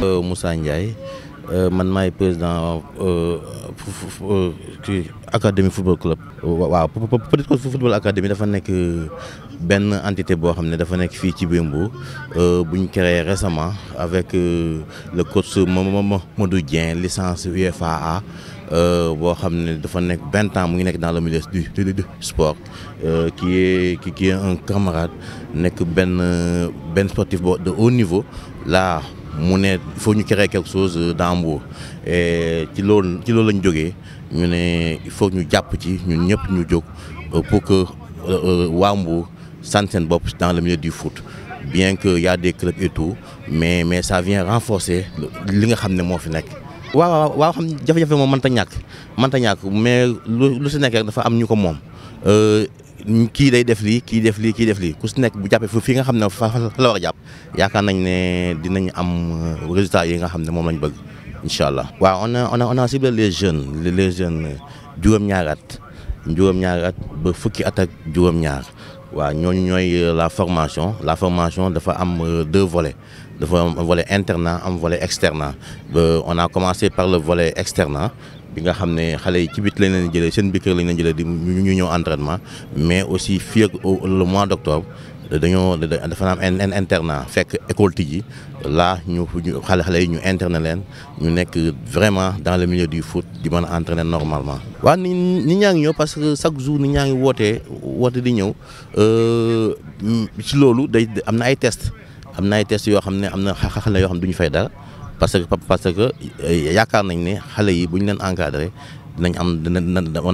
Euh, Moussa Ndiaye euh, man maay président euh, kii académie football club. waaw être que football académie dafa nek Ben entité bo xamné dafa nek fi ci biir euh buñ créé récemment avec le coach Mamadou Dieng licence UFAA euh, bo xamné dafa nek vingt ans mu ngi dans le milieu du du sport qui est qui est un camarade nek Ben Ben sportif de haut niveau là mu ne il faut nous créer quelque chose dans Mbour et ci loolu ci loolu la ñu jógee ñu ne il faut ñu jàpp ci ñun ñëpp ñu jóg euh, pour que euh, euh, waa Mbour sant seen dans le milieu du foot bien que il y a des clubs et tout mais mais ça vient renforcer li nga xam ne moo fi nekk. waaw waaw waaw xam jafe-jafe moom mënta ñàkk mënta ñàkk mais lu lu si nekk rek dafa am ñu ko moom kii day def li kii def li kii def li ku si nekk bu jappé fu fi nga xamné ne fa la war japp yakar nañ né dinañ am euh, résultat yi nga xamné mom lañ bëgg inshallah wa on a on a on a ciblé les jeunes les jeunes euh, juróom-ñaari at juróom-ñaari at ba fukki at ak juróom-ñaar wa ñooñu ñoy euh, la formation la formation dafa am deux volets dafa am volet internat am volet externat on a commencé par le volet externat. bi nga xam ne xale yi ci bit lañ leen jëlee seen biir kër lañ leen jëlee di ñu ñëw entraînement mais aussi fii le mois d' octobre dañoo dafa naam un internat fekk école tijji là ñu xale xale yi ñu interné leen ñu nekk vraiment dans le milieu du fout di man a entraîner normalement. waaw ni ni ñaa ngi ñëw parce que chaque jour ni ñaa ngi wootee woote di ñëw si euh, loolu day am na ay test am na ay test yoo xam ne am na xale yoo xam ne du fay dara. parce que parce que euh, yaakaar nañ ne xale yi bu ñu leen encadré dinañ am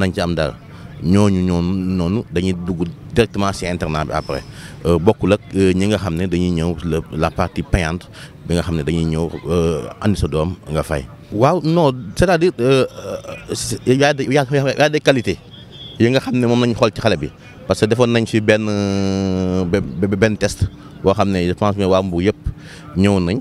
nañ ci am daal ñooñu ñoom noonu dañuy dugg directement ci internat bi après euh, bokkul ak euh, ñi nga xam ne dañuy ñëw la partie payante bi nga xam ne dañuy ñëw andi sa doom nga fay. waaw non c'est-à-dire y a des yi nga xam ne moom lañ xool ci xale bi parce que defoon nañ fi benn benn test boo xam ne je pense que yëpp ñëw nañ.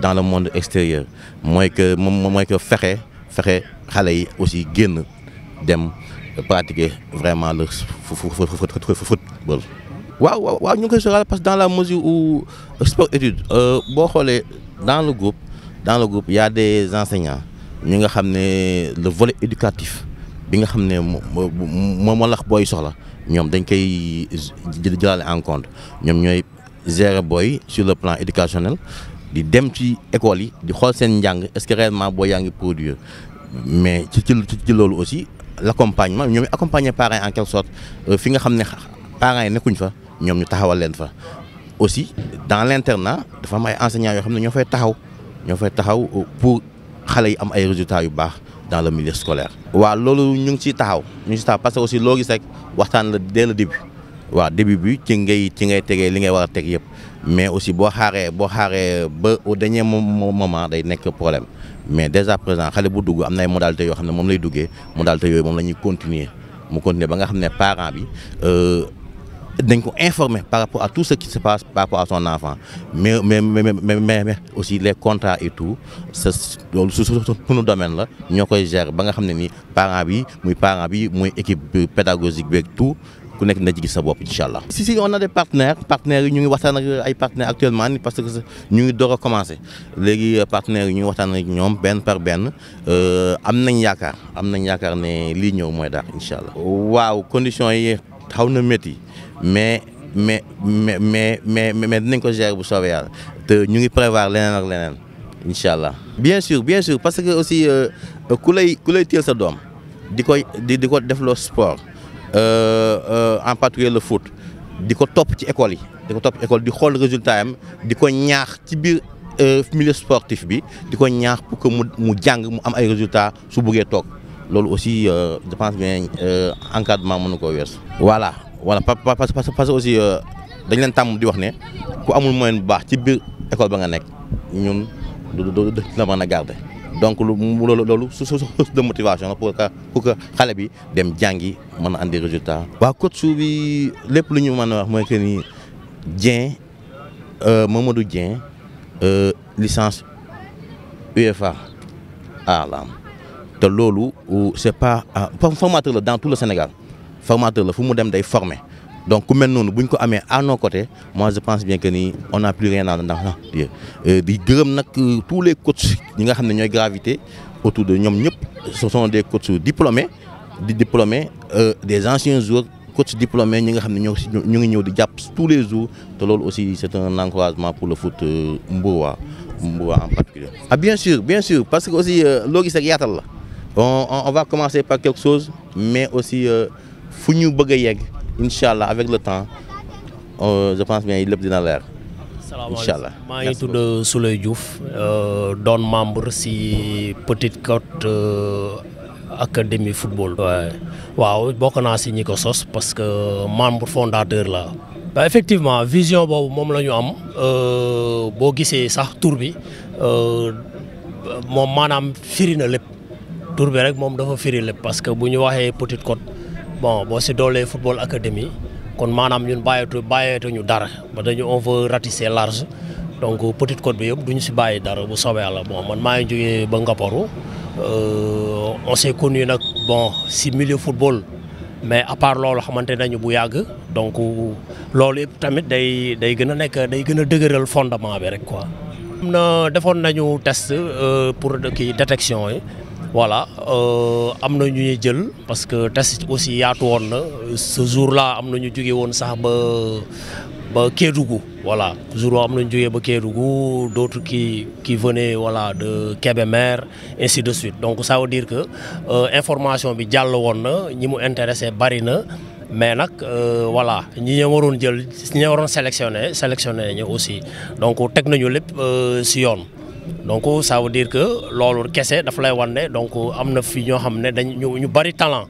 dans le monde extérieur moi que moi que fexe fexe aller yi aussi génn dem pratiquer vraiment le football. waaw waaw waaw ñu koy parce que dans la mesure où euh, sport étude euh, bon xoolee dans le groupe dans le groupe il y a des enseignants ñi nga le volet éducatif bi nga xam moi moom moo lax booy soxla ñoom dañ koy jëlaale en compte ñoom ñooy gérer sur le plan éducationnel. di dem ci école yi di xool seen njàng est-ce que réellement boo yaa ngi produire mais ci ci loolu aussi l'accompagnement ñoom ñu accompagner parents en quelque sorte euh, fi nga xam ne parents yi nekkuñ fa ñoom ñu taxawal leen fa aussi dans l'internat dafa am ay enseignants yoo xam ne ñoo fay taxaw ñoo fay taxaw euh, pour xale yi am ay résultats yu baax dans le milieu scolaire. waaw loolu ñu ngi ciy taxaw ñu ngi ciy taxaw parce que aussi loo gis rek waxtaan la dès le début waaw début bi ci ngay ci ngay tegee li ngay war a teg yëpp. mais aussi bo xaré bo xaré ba au dernier moment day nek problème mais dès à présent xalé bu dugg am na ay modalités yoo xam ne lay duggee modalités yooyu moom la continuer mu continuer ba nga xamné parents bi euh dañ ko informer par rapport à tout ce qui se passe par rapport à son enfant mais mais mais mais aussi les contrats et tout sa loolu su suñu domaine la ñoo koy gérer ba nga xam ne ni parent bi muy parents bi muy équipe pédagogique avec tout. ku nekk na ci gis sa bopp incha allah. si si on a des partenaires partenaires yi ñu ngi ay partenaires actuellement ni parce que ñu ngi door a commencé léegi euh, partenaires yi ñu ngi waxtaan ak ñoom benn par benn euh, am nañ yaakaar am nañ yaakaar ne lii ñëw mooy daal incha allah. waaw conditions yi xaw na métti mais mais mais mais mais mais dinañ ko gérer bu soobee yàlla te ñu ngi prévoir leneen ak leneen incha allah. bien sûr bien sûr parce que aussi euh, ku lay ku sa doom di koy di ko defloo sport. en euh, euh, particulier le foot di ko topp ci école yi di ko topp ci école di xool résultat am di ko ñaax ci biir euh, milieu sportif bi di ko ñaax pour que mu mu jàng mu am ay résultats su buggee toog loolu aussi je pense bien encadrement mënu koo wees voilà voilà parce que parce que aussi dañ leen tàmm di wax ne ku amul moyen bu baax ci biir école ba nga nekk ñun du du du la mën a garder donc lu loolu loolu su su source de motivation la pour que xale bi dem jàngi man a andi résultat. waaw coach bi lépp lu ñu mën a wax mooy que ni Dieng euh, Mamadou Dieng euh, licence UEFA A la am te loolu c'est pas ah, formateur la dans tout le Sénégal formateur la fu mu dem day former. donc comme nous, nous bu à nos côtés moi je pense bien que on n'a plus rien à ndax ndax di euh, tous les coachs qui nga gravité autour de nous ce sont des coachs diplômés des diplômés euh, des anciens joueurs coach diplômés, ñi nga xam ne tous les jours te aussi c'est un encouragement pour le foot euh, mboa, mboa en particulier ah bien sûr bien sûr parce que aussi loo gis on va commencer par quelque chose mais aussi fu bëgg incha allah avec le temps euh, je pense bien lépp dina leer. incha allah maa ngi tudd Souley Diouf euh, doon membre si Petite Côte euh, académie football. waaw bokk naa si ñi ko sos parce que membre fondateur la waaw effectivement vision boobu moom la ñu am boo gisee sax tur bi moom maanaam firi na lépp tur bi rek moom dafa firi lépp parce que bu ñu waxee Petite Côte. bon boo si dolé football académie kon manam ñun bàyyeetu ñu dara ba dañu on veut ratisser large donc petite côte bi yëpp du ñu si bàyyi dara bu soobee yàlla bon man maa ngi jógee ba euh on s'est connu nak bon si milieu football mais à part lolu xamante nañu bu yàgg donc lolu yëpp tamit day day gëna nek day gëna dëgeural fondement bi rek quoi. amna na defoon nañu test euh, pour kii détection yi voilà euh, na ñu ñuy jël parce que test aussi yaatu woon na ce jour là am na ñu jóge woon sax ba ba Kédougou voilà jour boo am ñu jóge ba Kédougou d'autres qui qui venaient voilà de Kébémer ainsi de suite donc ça veut dire que euh, information bi jàll woon na nous mu intéressé Barina. mais euh, voilà ñi ñoo waroon jël ñi ñoo waroon sélectionné sélectionné ñu aussi donc teg nañu lépp ci euh, yoon. donc ça veut dire que loolu kese dafa lay wan ne donc am na fi ñoo xam ne dañ ñu ñu bari talent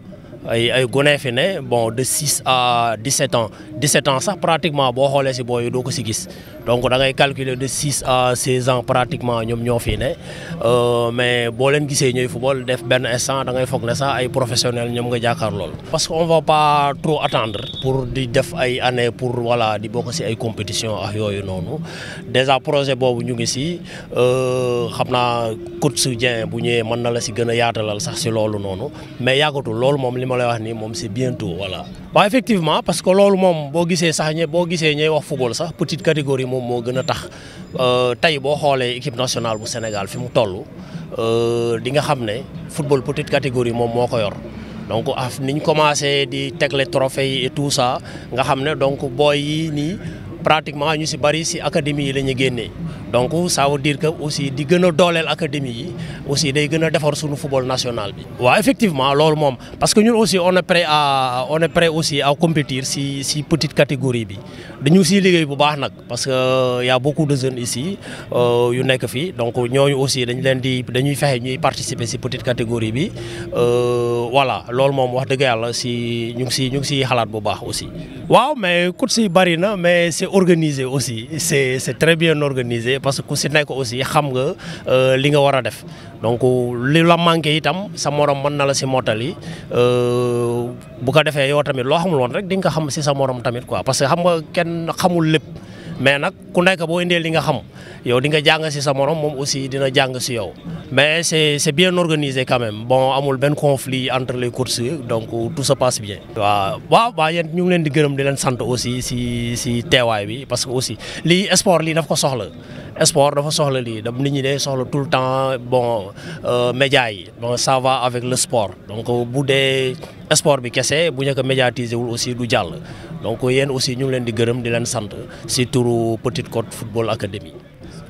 ay ay gone fi ne bon de 6 à 17 ans 17 ans sax pratiquement boo xoolee si booy doo ko si gis. donc da ngay calculer de 6 à 16 ans pratiquement ñoom ñoo fii ne euh, mais boo leen gisee ñooy football def ben instant da ngay foog ne sax ay professionnels ñoom nga jàkkaar lool. parce que va pas trop attendre pour di def ay année pour voilà di bokk si ay compétition ak yooyu noonu déjà projet boobu ñu ngi si euh, xam naa coach Dieng bu ñëwee mën na la si gën a yaatalal sax si loolu noonu mais yàggatul loolu moom li ma lay wax nii moom c'est bientôt voilà. waaw effectivement parce que loolu moom boo gisee sax ñe boo gisee ñooy wax football sax petite catégorie moom moo taybohole a nasional euh, tey fimu xoolee équipe nationale bu Sénégal fi mu euh, di nga football petite catégorie moom moo ko yor. donc af niñ commencé di tegle trophée yi et tout ça nga xam donc pratiquement ñu ci bari ci académie yi la donc ça veut dire que aussi di gëna dolel académie yi aussi day gëna défar suñu football national bi. wa effectivement lool mom parce que ñun aussi on est prêt à on est prêt aussi à compétir si si petite catégorie bi dañu aussi liggéey bu baax nag parce que y a beaucoup de jeunes ici euh, yu nek fi donc ñooñu aussi dañ leen di dañuy fexe ñuy participer ci petite catégorie bi euh, voilà lool mom wax deug yalla si ñu ci si ñu ci xalat bu baax aussi. waaw mais coach yi bari na mais c'est organisé aussi c'est très bien organisé parce que c'est aussi xam nga euh, li nga donc li la itam sa morom euh, bu ko tamit sa morom tamit quoi parce que xam nga mais nag ku nekk boo indee li nga xam yow di nga jàng si sa morom moom aussi dina jàng si yow mais c'est c'est bien organisé quand bon amul benn conflit entre les courses donc tout se passe bien. waaw waaw waaw ñu ngi leen di gërëm di leen sant aussi si si teewaay bi parce que aussi lii sport lii daf ko soxla. sport dafa soxla lii da nit ñi dee soxla tout le temps bon euh, média yi bon ça va avec le sport donc bu dee sport bi kese bu ñu ko médiatiser wul aussi du jàll. donc yéen aussi ñu ngi leen di gërëm di leen sant si turu Petite Côte Football Academy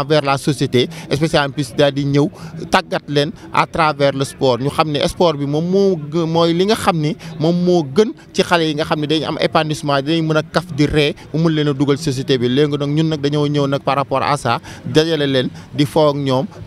envers la société spécialement plus daal di ñëw leen à travers le sport ñu xam ne sport bi moom moo mooy li nga xam ne moom moo gën ci xale yi nga xam dañu am épanouissement dañuy mën kaf di ree mu mun leen société bi léegi nag ñun nag dañoo ñëw nag par rapport à ça dajale leen di foo ak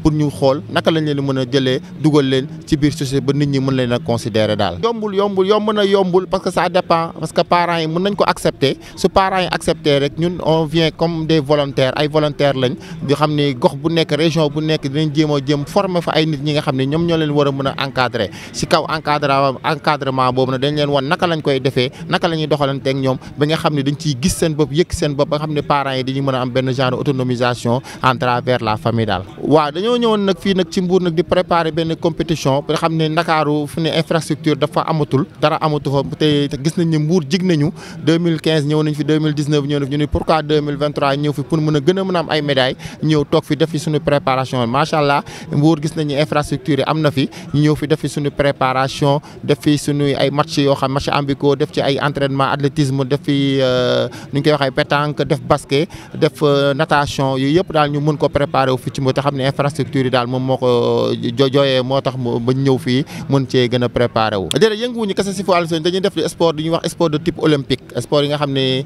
pour ñu xool naka lañ leen mën a jëlee dugal leen ci biir société ba nit ñi mën leen a considérer daal. yombul yombul yomb na yombul parce que ça dépend parce que parents yi mën nañ ko accepter su parents yi accepter rek ñun on vient comme des volontaires ay volontaires volontaire lañ di xam gox bu nek région bu nek dinañ jéem jëm former fa ay nit ñi nga xam ñom ñoom ñoo leen war a encadrer ci kaw encadre encadrement bobu na dañ leen won naka lañ koy défé naka lañuy doxalante ak ñom ba nga xam dañ ci gis seen bopp yëkk seen bopp ba nga xam parents yi dañuy mën a am ben genre autonomisation en travers la famille dal waaw dañu ñëwoon nak fi nak ci Mbour nak di préparer ben compétition ba xam ne Ndakaaru fu ne infrastructure dafa amatul dara amatu fa te gis nañ ne Mbour jig nañu 2015 ñëw nañ fi 2019 ñëw nañ fi ñu ne pourquoi 2023 ñëw fi pour mëna gëna mëna am ay médailles ñëw tok fi def fi suñu préparation machallah allah gis nañu infrastructure amna fi ñu fi def fi suñu préparation def fi suñuy ay match yo xam match amicaux def ci ay entraînement athlétisme def fi euh, ñu koy ay pétanque def basket def euh, natation yooyu yëpp daal ñu mën ko préparer wu fi ci moo te xam infrastructure yi daal moom moo ko euh, jooyee moo tax ba ñëw fii mën cee gën préparer wu. jërëjëf yëngu kese kassa foal seen dañuy def sport duñu wax sport de type olympique sport yi nga xamné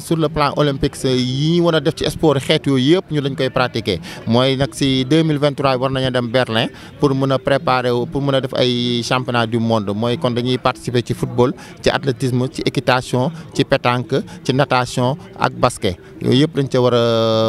sur le plan olympique yi ñu mën a def ci sport xeet xeet yooyu yëpp ñu dañ koy pratiquer mooy nag si 2023 war nañu dem Berlin pour mun a préparer pour mun a def ay championnat du monde mooy kon dañuy participer ci football ci athlétisme ci équitation ci pétanque ci natation ak basket. yooyu yëpp dañ ca war a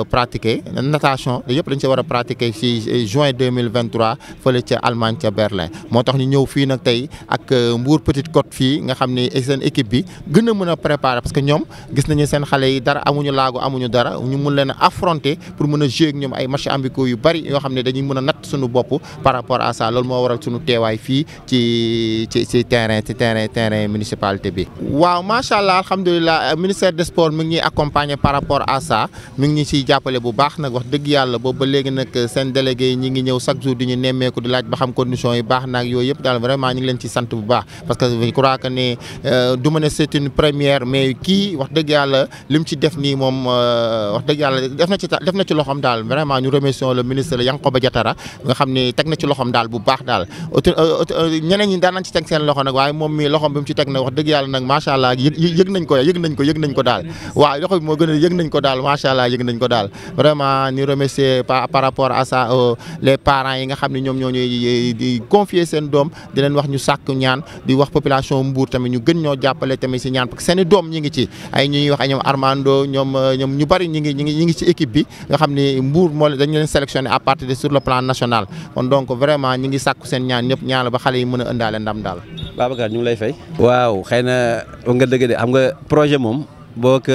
pratiquer natation yëpp dañ ci war a pratiquer ci juin 2023 mille vingt trois fële ca Allemagne ca Berlin moo tax ñu ñëw fii nag tey ak euh, Mbour Petite Côte fii nga xam ni seen équipe bi gën a mën a préparer parce que ñoom gis nañu seen xale yi dara amuñu laago amuñu dara ñu mun leen affronter pour mën a jouer ak ñoom ay matchs amicaux yu bari yoo xam ne dañuy mën a natt suñu bopp par rapport à ça loolu moo waral suñu teewaay fii ci ci ci terrain ci terrain terrain municipalité bi. waaw macha allah alhamdulilah euh, ministère des sports mu ngi accompagner par rapport. rapport à ça mi ngi ñu siy jàppale bu baax nag wax dëgg yàlla boobu ba léegi nag seen délégué yi ñi ngi ñëw chaque jour di ñu nemmeeku di laaj ba xam condition yi baax naag yooyu yëpp daal vraiment ñu ngi leen ci sant bu baax parce que je crois que ne euh, du ma ne c'est une première mais kii wax dëgg yàlla lim ci def nii moom euh, wax dëgg yàlla def na ci def na ci loxoom daal vraiment ñu remercions le ministre la Yankhoba Diattara nga xam ne teg na ci loxoom daal bu baax daal euh, ñeneen ñi daan nañ ci teg seen loxo nag waaye moom mi loxoom bi mu ci teg nag wax dëgg yàlla nag macha allah yëg nañ ko yëg nañ ko yëg nañ ko daal waaw loxo bi moo gën a yëg nañ nañ ko daal macha allah yëg nañ ko daal vraiment ñu remercier par rapport à ça euh, les parents yi nga xam ne ñoom ñoo ñuy euh, di confier seen doom di leen wax ñu sàkk ñaan di wax population ñu jàppale tamit si ñaan parce que seen i doom ñi ngi ci ay ñuy wax ñoom Armando ñoom euh, ñoom ñu bari ñi ngi ñi ngi ñi ngi ci équipe bi nga xam ne Mbour moo dañ leen sélectionné à partir de sur le plan national kon donc vraiment ñi ngi sàkku seen ñaan ñëpp ñaan ba xale yi mën a ëndaale ndam daal Babacar ñu lay fay waaw xëy na nga nga projet moom boo ko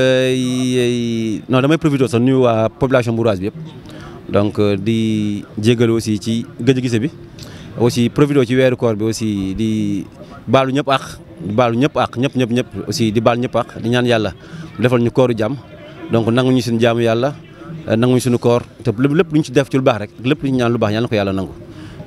non damay profité sax nuyu waa population bourgeoise bi yëpp donc euh, di jégalu aussi ci gëj gise bi aussi profité ci weeru koor bi aussi di balu ñëpp ak di baalu ñëpp ak ñëpp ñëpp ñëpp aussi di baal ñëpp ak di ñaan yàlla defal ñu kooru jàmm donc nanguñu jam jaamu yàlla nanguñu suñu koor te lépp luñ ci def ci lu baax rek lépp luñ ñaan lu baax yàlla ko yàlla nangu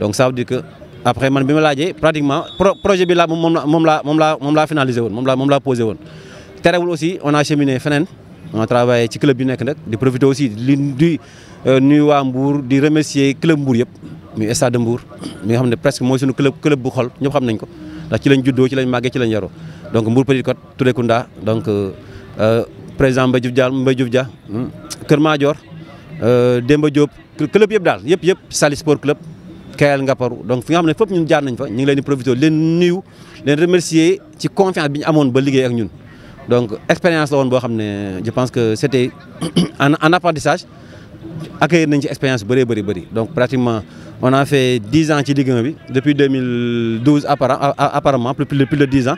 donc ça veut dire que après man bima ma laajee pratiquement projet bi la mom la mom la mom la finaliser finalisé woon moom laa moom laa posé woon. terewul aussi on a cheminé fenen on a travaillé ci club bi nek nak di profiter aussi li di euh, nuyu waa Mbour di remercier club Mbour yépp mi stade de Mbour mi nga xam presque moy sunu club club bu xol ñëpp xam nañ ko ndax ci lañ juddoo ci lañ maggé ci lañ yaro donc Mbour Petite Côte Touré Kounda donc euh, euh, président Mbaye Diouf Dia Mbaye Diouf Dia hmm, Kër Madior Demba Diop club yépp dal yépp yépp salisport Club. Ngaparou donc fi nga xam nous fépp ñun jaar nañ fa ñu ngi profité remercier confiance à ñu amoon donc expérience je pense que c'était un apprentissage accueillir nañ expérience donc pratiquement on a fait 10 ans ci depuis 2012 apparemment plus de plus de dix ans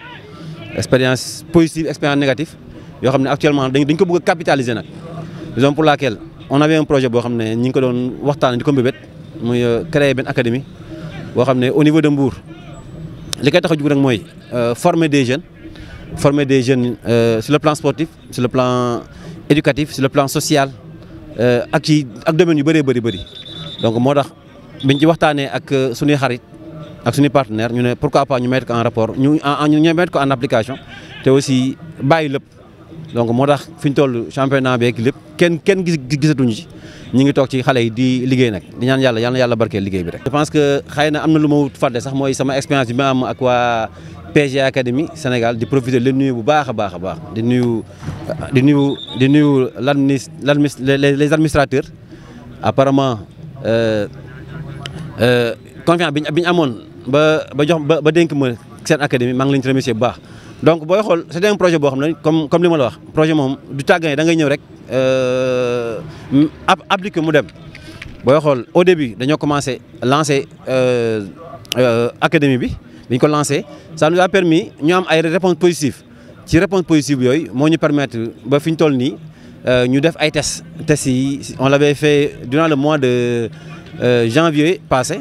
expérience positive expérience négative Et actuellement dañ ko bëgg capitaliser raison pour laquelle on avait un projet boo xam ne ñu un ko de waxtaan muy euh, créé une académie bo xamné au niveau de Mbour likay koy tax euh, former des jeunes former des jeunes euh, sur le plan sportif sur le plan éducatif sur le plan social ak ci ak domaine yu donc motax tax biñ ci waxtané ak suñu xarit ak pourquoi pas ñu mettre en rapport ñu ñu mettre en application té aussi donc moo tax fi ñu toll championnat beeg lépp kenn kenn gis gisatuñu ci ñu ngi toog ci xale yi di liggéey nag di ñaan yàlla yal yàlla barkeel liggéey bi rek. je pense que xëy na am na lu ma fàtte sax mooy sama expérience bi ma am ak waa PG Académie Sénégal di profiter les nuyu bu baax a baax a baax di nuyu di nuyu di nuyu l' administ les administrateurs apparemment euh, euh, confiance bi ñu amoon ba ba jox ba dénk ma seen académie maa ngi leen ci remercier bu baax. donc booy xool c'est un projet boo comme comme li ma la wax projet du tàggane da ngay ñëw rek euh, ab appliqué mu dem booy xool au début avons commencé lancer euh, euh, académie bi dañ ko lancé ça nous a permis ñu am ay réponses positives ci réponses positives yooyu moo ñu permettre ba faire ñu toll nii ñu def ay tests tests on l'avait fait durant le mois de janvier passé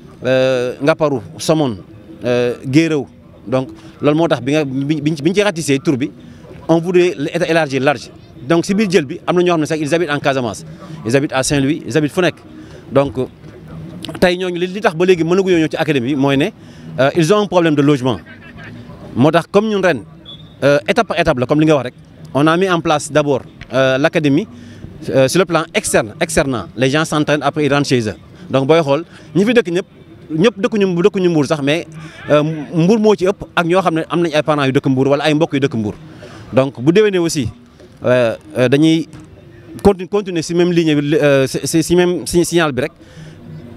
Euh, Ngaparou Somone euh, Guéréo donc c'est ce qui bi nga biñ ci ratissé tour on voulait élargir large donc si Bill jël bi ils habitent en Casamance ils habitent à Saint-Louis ils habitent Fonec donc tey les li tax ba léegi l'académie, ci académie euh, ils ont un problème de logement comme ñun ren étape par étape comme li nga wax on a mis en place d'abord l'académie sur le plan externe les gens s'entraînent après ils rentrent chez eux donc si xool ñi fi dëkk ñëpp dëkkuñu dëkkuñu mbuur sax mais euh, mbuur moo ci ëpp ak ñoo xam ne am nañ ay parents yu dëkk mbuur wala ay mbokk yu dëkk mbuur donc bu déwénee aussi euh, euh, dañuy continue continuer si même ligne bi si si même signal bi rek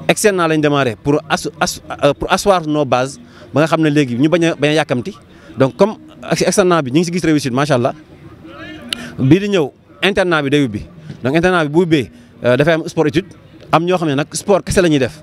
externe naa lañ démarré pour as pour asseoir nos bases ba nga xam ne léegi ñu bañ a bañ a yàkkamti donc comme externe bi ñu ngi si gis réussite macha allah bii di ñëw internat bi day ubbi donc internat bi bu ubbee dafay am sport étude am ñoo xam ne nag sport kese la ñuy def.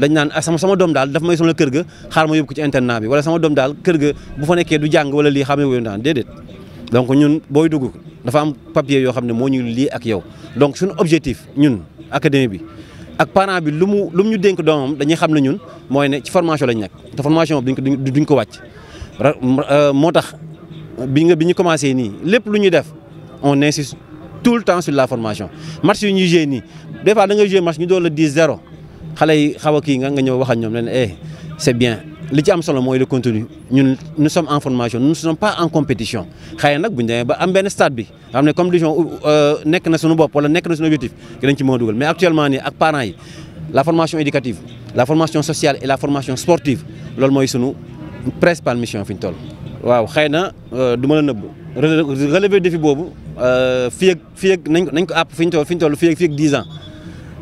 dañ naan ah, sama sama doom daal dafa may sonal kër ga xaar ma yóbbu ko ci internat bi wala sama doom daal kër ga bu fa nekkee du jàng wala lii xamee wuyu daan déedéet donc ñun booy dugg dafa am papier yoo xam ne moo ñu lii ak yow donc suñu objectif ñun académie bi ak parent bi lu mu lu ñu dénk doomam dañuy xam ne ñun mooy ne ci formation lañ nekk te formation bi duñ ko duñ ko wàcc euh, moo tax bi nga bi ñu commencé nii lépp lu ñuy def on insiste tout le temps sur la formation match yu ñu joué nii des fois da ngay joué match ñu doon la 10 0 xale yi xaw a nga nga ñëw wax ak ñoom leen eh c'est bien li ci am solo moy le contenu ñun nous sommes en formation nous ne sommes pas en compétition xëy nak buñ bu ba am ben stade bi xam ne euh nek na suñu bop wala nek na suñu objectif dinañ ci mo a mais actuellement ni ak parents yi la formation éducative la formation sociale et la formation sportive loolu moy suñu principale mission fiñ toll. waaw xëy euh, duma la neub relever défi bobu euh fi ak fi ak nañ ko app fiñ toll fiñ toll fi ak fi ak 10 ans.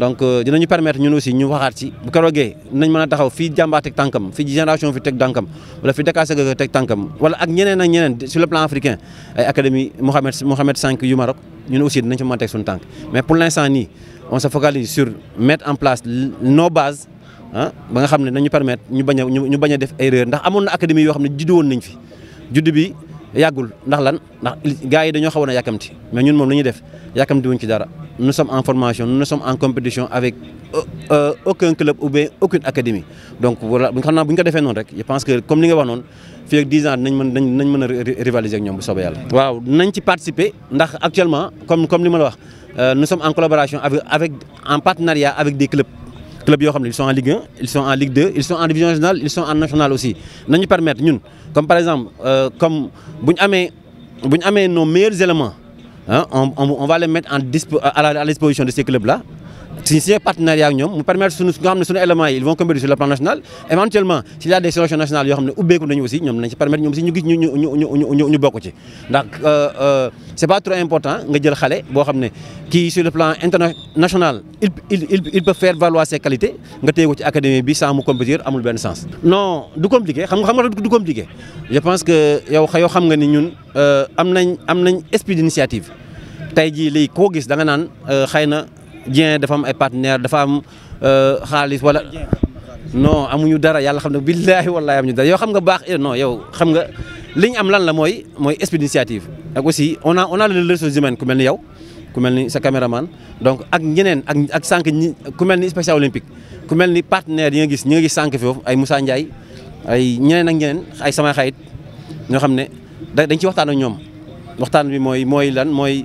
donc euh, dinañu permettre ñun aussi ñu waxat ci bu keroogee nañ mëna taxaw fi jàmbaar tankam fi génération fi tek tànkam wala fi Dakar Sega tek tankam wala ak ñeneen ak ñeneen sur le plan africain ay académie Mohamed Mohamed Cinq yu Maroc ñun aussi dinañ ci mën a teg tank mais pour l'instant ni on se focalise sur mettre en place nos bases hein ba nga xamné nañu permettre ñu baña ñu baña def erreur ndax amon na académie yo xamné ne juddu nañ fi judd bi yagul ndax lan ndax gaay yi dañu xawoon yakamti mais ñun mom lañu def nous sommes en formation nous ne sommes en compétition avec euh, euh, aucun club ou aucune académie donc voilà je pense que comme nous nga fait 10 ans nous rivaliser ak participé, actuellement comme comme euh, nous sommes en collaboration avec en partenariat avec des clubs. Les clubs ils sont en Ligue 1 ils sont en Ligue 2 ils sont en division nationale, ils sont en nationale aussi Nous permettre ñun comme par exemple comme nos meilleurs éléments. Hein, on, va les mettre à, l'exposition à, disposition de ces clubs-là si c'est partenariat ak ñoom mu permettre suñu nga éléments yi ils vont contribuer sur le plan national éventuellement s'il y a des solutions nationales yoo xam ne ubbeeku aussi nous nañ ci permettre ñoom aussi ñu gis ñu ñu ñu ñu bokk ci ndax euh, euh, c'est pas trop important nga jël xale boo xam ne sur le plan international il il il peut faire valoir ses qualités nga téye ko ci académie bi sans mu compétir amul benn sens. non du compliqué xam nga xam nga du compliqué je pense que yow yow xam nga ni ñun euh, am nañ am esprit d'initiative tey les lii koo gis da nga Dieng dafa am ay partenaire dafa am euh, xaalis walla non amuñu dara yàlla xam ne billaahi wallaahi amuñu dara yow xam nga baax eh, non yow xam nga li am lan la mooy mooy esprit d'initiative ak aussi on a on a les ressources ku mel ni yow ku mel ni sa caméraman donc ak ñeneen ak ak sànq ñi ku mel ni spécial olympique ku mel ni partenaire yi nga gis ñi nga gis sànq foofu ay Moussa Ndiaye ay ñeneen ak ñeneen ay sama xayit ñoo xam ne dañ ci waxtaan ak ñoom waxtaan bi mooy mooy lan mooy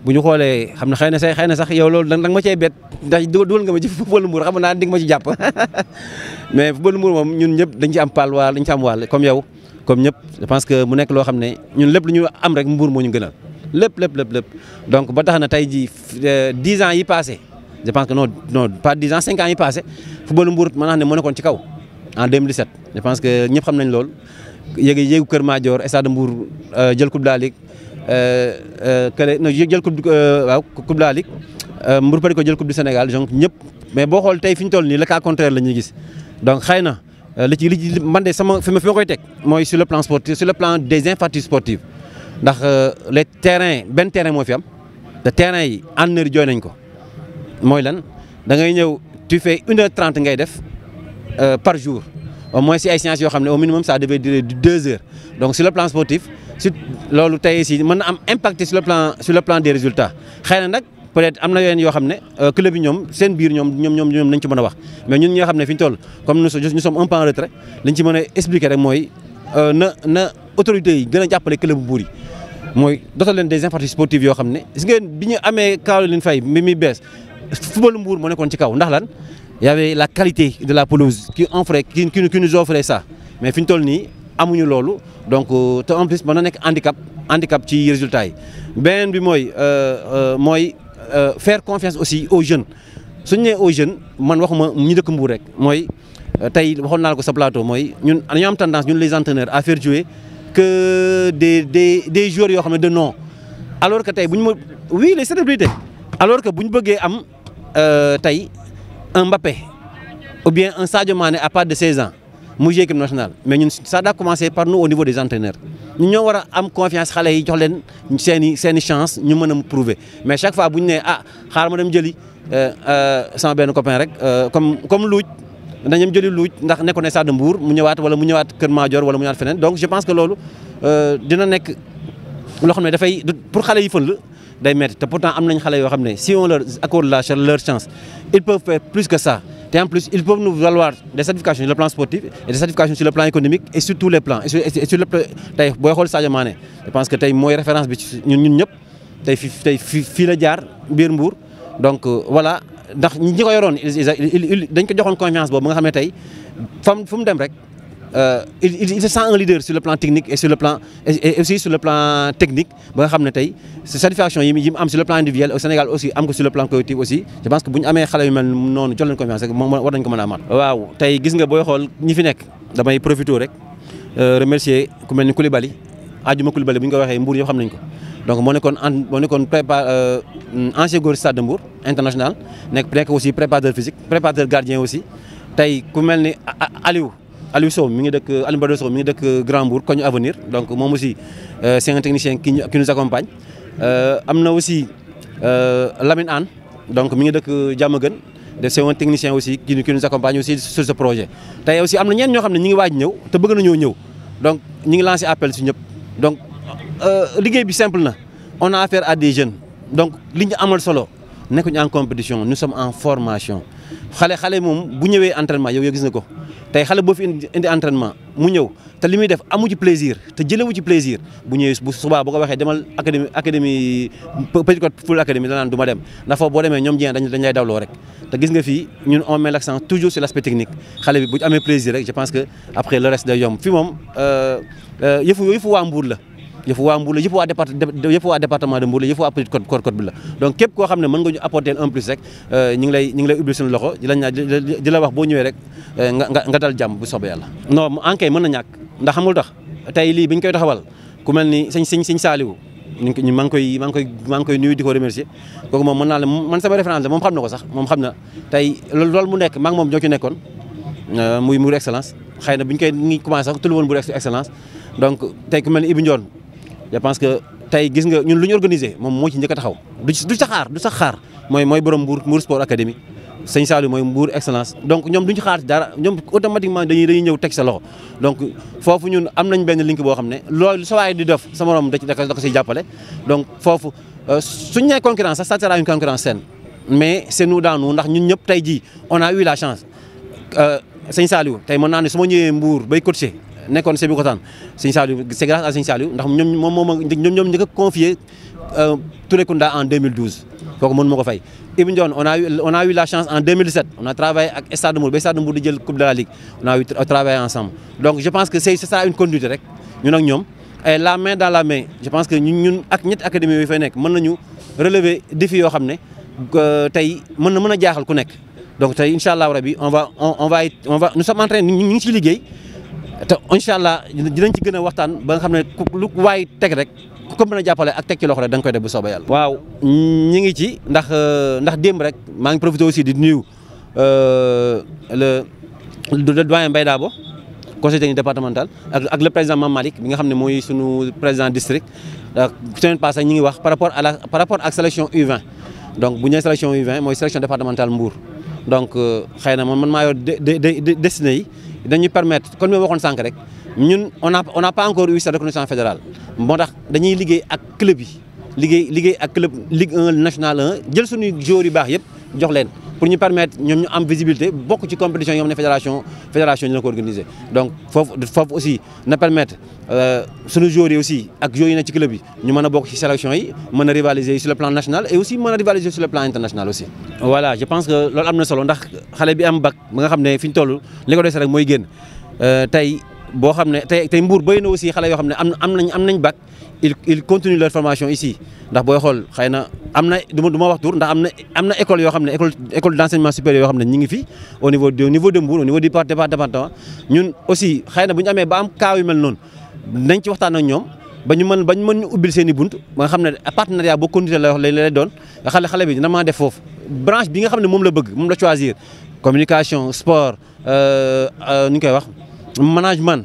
bu ñu xoolee xam ne xëy na say xëy na sax yow loolu danga ma cee bett ndax dugal nga ma ci football Mbour xam naa di nga ma jàpp mais football Mbour moom ñun ñëpp dañ ci am pal comme yow comme ñëpp je pense que mu nekk loo xam ne ñun lépp lu ñu am rek Mbour moo ñu gënal lépp lépp lépp lépp donc ba tax na tey jii euh, dix ans pas dix ans cinq ans yi passé football ne moo nekkoon ci kaw en 2017 je pense que ñëpp xam nañ lool yéegi yéegu Kër Madior stade Mbour euh, jël coupe de kële euh, euh, jël coupe euh, waaw coupe de la Ligue Mbour Petite Côte jël coupe du Sénégal donc ñep mais bo xol tay fiñ ñu toll nii le cas contraire la ñuy gis donc xëy li ci li ci man de sama fi ma fi ma koy teg mooy sur le plan sportif sur le plan des infrastructures sportives ndax les terrains ben terrain mo fi am te terrain yi entraîneur yi jooy nañ ko moy lan da ngay ñew tu fais 1h30 ngay def par jour au moins si ay séances yo xam au minimum ça devait durer 2 heures donc sur le plan sportif si loolu tey si mën am impact sur le plan sur le plan des résultats xëy nak peut-être amna na yo xamné xam euh, club yi ñoom seen biir ñom ñom ñom ñom nañ ci mëna wax mais ñun ñi xamné fiñ toll comme nous nous sommes un peu en retrait liñ ci mëna expliquer rek mooy euh, na na autorité yi gëna jappalé club bu Moy yi dotal leen des infrastructures sportives yo xamné ne gis ngeen biñu amé amee Caroline Fay mi mi bees football Mbour mo nekkon ci kaw ndax lan y avait la qualité de la pelouse qui offrait qui nous offrait ça mais fiñ toll ni amuñu lolu donc euh, te en plus mën nek handicap handicap ci résultat yi ben bi mooy euh, euh, mooy faire confiance aussi aux jeunes suñu né aux jeunes man waxuma ñi dëkk Mbour rek moy tay waxon naa la ko sa plateau moy ñun dañoo am tendance ñun les entraîneurs à faire jouer que des des des joueurs yo xamné de nom alors que tay bu oui les célébrités alors que bu bëggé am euh tay un Mbappé ou bien un Sadio Mané à part de 16 ans mu équipe nationale mais ñun ça doit commencer par nous au niveau des entraîneurs ñu avons am confiance xalé yi jox leen seen seen chance ñu mëna prouver mais chaque fois buñ né ah xaar ma dem jëli euh, euh, sama ben copain rek euh, comme comme Luuj dañu dem jëli Luuj ndax nekkoon ne Stade Mbour mu ñëwaat wala mu ñëwaat Kër Madior wala mu ñëwaat fenen. donc je pense que euh dina nek lo xam da fay pour xalé yi fën la day pourtant si on leur accorde la leur chance ils peuvent faire plus que ça Et en plus ils peuvent nous valoir des certifications sur le plan sportif et des certifications sur le plan économique et sur tous les plans et sur le je pense que c'est une référence bi nous ñun ñëpp tey fi tey fi la donc euh, voilà ndax ñi ko yoroon dañ confiance boobu nga xam ne tey euh, il, il, il, se sent un leader sur le plan technique et, sur le plan, et, et aussi sur le plan technique. Bon, c'est satisfaction sur le plan individuel au Sénégal aussi, sur le plan collectif aussi. Je pense que si on a non, on a confiance, on a confiance. Wow, tay gis nga boy xol ñi fi nek damay profiter rek euh remercier ku melni Koulibaly aljuma Koulibaly buñ ko waxé mbour yo xam nañ ko donc mo nekkon mo nekkon prépa euh ancien goal stade de Mbour international nek nek aussi préparateur physique préparateur gardien aussi tay ku melni Aliou Aliou Sow mi ngi dëkk Aliou Sow mi ngi dëkk Grand Mbour avenir donc moi aussi euh, c'est un technicien qui qui nous accompagne Euh, amna aussi euh, Lamine Anne donc mi ngi dëkk Diamaguène c'est un technicien aussi qui nous qui nous accompagne aussi sur ce projet tey aussi amna ñen ñeen ñoo xam ñi ngi waaj ñew, te bëgg nañu ñew. donc ñi ngi lancer appel si ñëpp donc euh, liggéey bi simple na on a affaire à des jeunes donc li ñu amal solo nekkuñu en compétition nous sommes en formation xalé xalé mom bu ñëwé entraînement yow yow gis na ko tay xalé bo fi indi entraînement mu ñëw té limuy def amu ci plaisir té jëlewu ci plaisir bu ñëwee bu suba bu ko waxé démal académie académie petit code full Académie danaan du ma dem na foofu bo démé ñom jeen dañ lay dawlo rek té gis nga fi ñun on met l'accent toujours sur l'aspect technique xalé bi bu amé plaisir rek je pense que après le reste day yom fi mom euh, euh yëfu yëfu waa Mbour la yëfu waa Mbour la yëfu waa départ yëfu waa département de Mbour la yëfu waa petite côte côte côte bi la donc képp koo xam ne mën nga ñu apporter un plus rek euh, ñu ngi lay ñu ngi lay a suñu loxo di la ñaa di la wax boo ñëwee rek euh, nga nga nga dal jàmm bu a na ñàkk ndax xamul tax tey lii bi ñu koy taxawal ni sëñ sëñ sëñ Saliou ñu maa ngi koy maa ngi koy maa ngi koy nuyu di ko remercier kooku moom mën naa la man sama référence la moom xam a ko sax moom xam na tey loolu mu nekk maa ngi moom ñoo ci euh, excellence xëy na bu ñu koy ngi commencé tout le monde Mbour excellence donc tey ku mel ni Ibou je pense que tey gis nga ñun lu ñu organisé moom moo ci njëkk taxaw du sax xaar du sax xaar mooy mooy borom Mbour Mbour Sport Académie sëñ Saliou mooy Mbour excellence donc ñoom duñu ñu ci dara ñoom automatiquement dañuy dañuy ñëw teg sa loxo donc foofu ñun am nañ benn link boo xam ne loolu sa waay di def sa morom da da ko siy jàppale donc foofu euh, suñ nee concurrence ça sera une concurrence saine mais c'est nous dans ndax ñun ñëpp tey jii on a eu la chance euh, sëñ Saliou tey mën naa ne su ma ñëwee mbuur bay coacher bi ko tan seigne Saliou c'est grâce à seigne Saliou ndax ñoom moom moom ñoom ñoom njëkk a confié euh, en 2012 kooku mënu ma ko fay Ibou Ndione on a eu on a eu la chance en 2007 on a travaillé avec Stade Mbour be Stade Mbour di jël coupe de la ligue on a eu travaillé ensemble donc je pense que c'est ce sera une conduite rek ñun ak ñom ay la main dans la main je pense que ñun ak ñet académie yi fay nek mën nañu relever défi yo xamné tay mën na mëna a jaaxal ku nek donc tay inshallah allah rabi on va on va on va nous sommes en train ñi ci ciy te incha allah dinañ ci gën a waxtaan ba nga xam ne lu waay teg rek ku ko mën jàppale ak teg ci loxo rek da nga koy def bu soobee yàlla. waaw ñi ngi ci ndax euh, ndax démb rek maa ngi profité aussi di nuyu euh, le le doyen Mbaye Dabo conseil technique départemental ak ak le président Mame Malick bi nga xam ne mooy sunu président district. donc semaine passée ñu ngi wax par rapport à la par rapport ak sélection U20 donc bu ñu nee sélection U20 mooy sélection départementale Mbour donc euh, xëy na man man maa yor dañuy permettre comme nous ma waxoon sànq rek ñun on a on n'a pas encore eu cette reconnaissance fédérale moo tax dañuy liggéey ak club yi liggéey liggéey ak club Ligue 1 national 1 jël suñu joueurs yu bax yépp jox leen pour ñu permettre ñom ñu am visibilité bokku ci compétition yoo xam ne fédération fédération dina ko organiser. donc fofu fofu aussi na permettre euh suñu joueurs yi aussi ak joueurs yi ci club yi ñu mëna bokku ci sélection yi mëna rivaliser sur le plan national et aussi mëna rivaliser sur le plan international aussi. voilà je pense que lool amna solo ndax xalé bi am bac ba nga xamné fiñ fi ñu toll li ko dese rek moy genn euh tay bo xamné tay tay Mbour béy aussi xalé yo xamné am am nañ am nañ bac ils continuent leur formation ici D'abord, booy xool école supérieur au niveau de Mbour au niveau du département ñun aussi nous avons bu ba am cas yu mel a des ci partenariat la branche choisir communication sport euh, euh, management.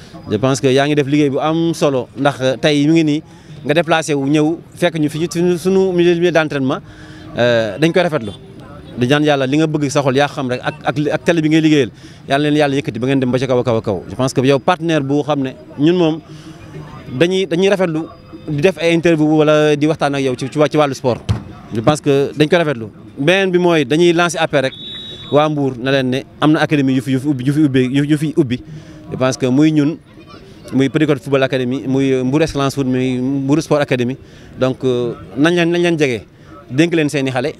je pense que yaa ngi def liggéey bu am solo ndax euh, tey mi ngi nii nga déplacé wu ñëw fekk ñu fi ñu suñu milieu d'entraînement euh, dañ koy rafetlu di ñaan yàlla li nga bëgg sa xol yaa xam rek ak ak ak télé bi ngay liggéeyal yàlla leen yàlla yëkkati ba ngeen dem ba ca kaw a kaw kaw je pense que yow partenaire bu xam ne ñun moom dañuy dañuy rafetlu di def ay interview wala di waxtaan ak yow ci ci wàllu sport je pense que dañ ko rafetlu beneen bi mooy dañuy lancer appel rek waa Mbour na leen ne amna na académie yu fi yu fi ubbi yu fi ubbi je pense que muy ñun muy Petit Côte football académie muy Mbour Excellence Foot muy Mbour Sport Académie donc euh, nañ leen nañ leen jege dénk leen seen i xale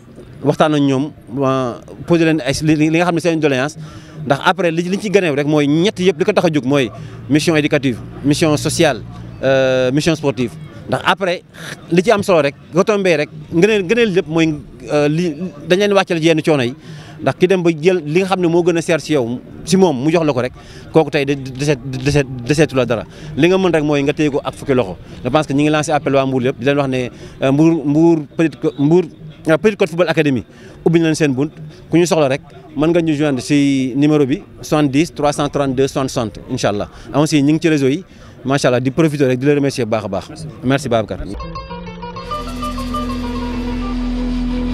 waxtaan ak ñoom posé leen ay li nga xam ne seen doléance ndax après li liñ ci gëneew rek mooy ñett yëpp li ko tax a jóg mooy mission éducative mission sociale euh, mission sportive ndax après li ci am solo rek retombé rek ngëneel ngëneel lépp mooy euh, li dañ leen wàccal yenn coono yi ndax ki dem ba jël li nga xam ne moo gën a seer si yow si moom mu jox la ko rek kooku tey de de deseetu la dara li nga mën rek mooy nga téye ko ak fukki loxo je pense que ñi ngi lancé appel waa Mbour yëpp di leen wax ne euh, Mbour Mbour Petite Mbour euh, Petite Côte Football Academy ubbi nañ seen bunt ku ñu soxla rek mën nga ñu joindre si numéro bi 70 332 60 incha allah. aussi ñi ngi ci réseau yi macha allah di profiter rek di la remercier baax a baax. merci Babacar.